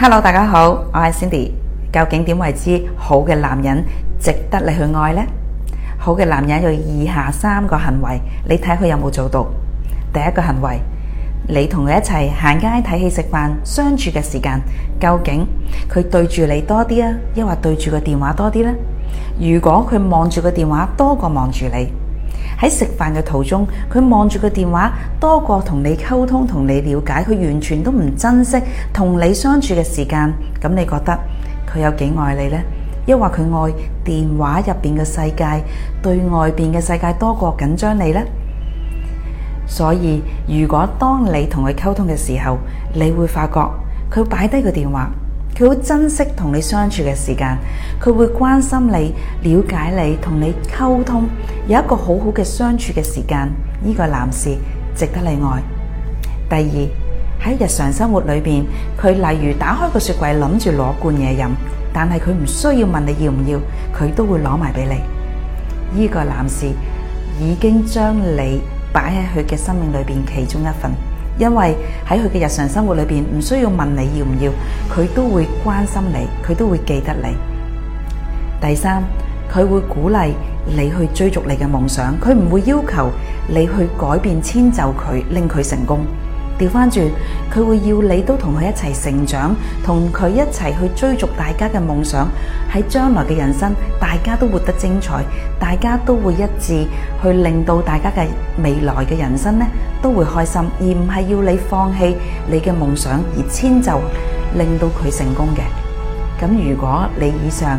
Hello，大家好，我係 Cindy。究竟點為之好嘅男人值得你去愛呢？好嘅男人有以下三個行為，你睇佢有冇做到？第一個行為，你同佢一齊行街睇戲食飯相處嘅時間，究竟佢對住你多啲啊，抑或對住個電話多啲呢？如果佢望住個電話多過望住你。喺食飯嘅途中，佢望住個電話多過同你溝通、同你了解，佢完全都唔珍惜同你相處嘅時間。咁你覺得佢有幾愛你呢？抑或佢愛電話入邊嘅世界，對外邊嘅世界多過緊張你呢？所以如果當你同佢溝通嘅時候，你會發覺佢擺低個電話，佢好珍惜同你相處嘅時間，佢會關心你、了解你、同你溝通。有一個好好嘅相處嘅時間，呢個男士值得你愛。第二，喺日常生活裏邊，佢例如打開個雪櫃，諗住攞罐嘢飲，但係佢唔需要問你要唔要，佢都會攞埋俾你。呢個男士已經將你擺喺佢嘅生命裏邊其中一份，因為喺佢嘅日常生活裏邊，唔需要問你要唔要，佢都會關心你，佢都會記得你。第三。佢會鼓勵你去追逐你嘅夢想，佢唔會要求你去改變遷就佢，令佢成功。調翻轉，佢會要你都同佢一齊成長，同佢一齊去追逐大家嘅夢想。喺將來嘅人生，大家都活得精彩，大家都會一致去令到大家嘅未來嘅人生呢，都會開心，而唔係要你放棄你嘅夢想而遷就，令到佢成功嘅。咁如果你以上，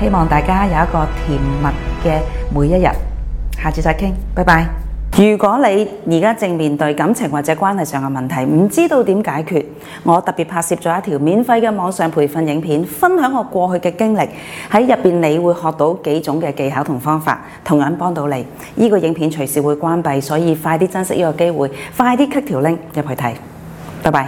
希望大家有一個甜蜜嘅每一日，下次再傾，拜拜。如果你而家正面對感情或者關係上嘅問題，唔知道點解決，我特別拍攝咗一條免費嘅網上培訓影片，分享我過去嘅經歷，喺入邊你會學到幾種嘅技巧同方法，同樣幫到你。呢個影片隨時會關閉，所以快啲珍惜呢個機會，快啲 click 條 link 入去睇，拜拜。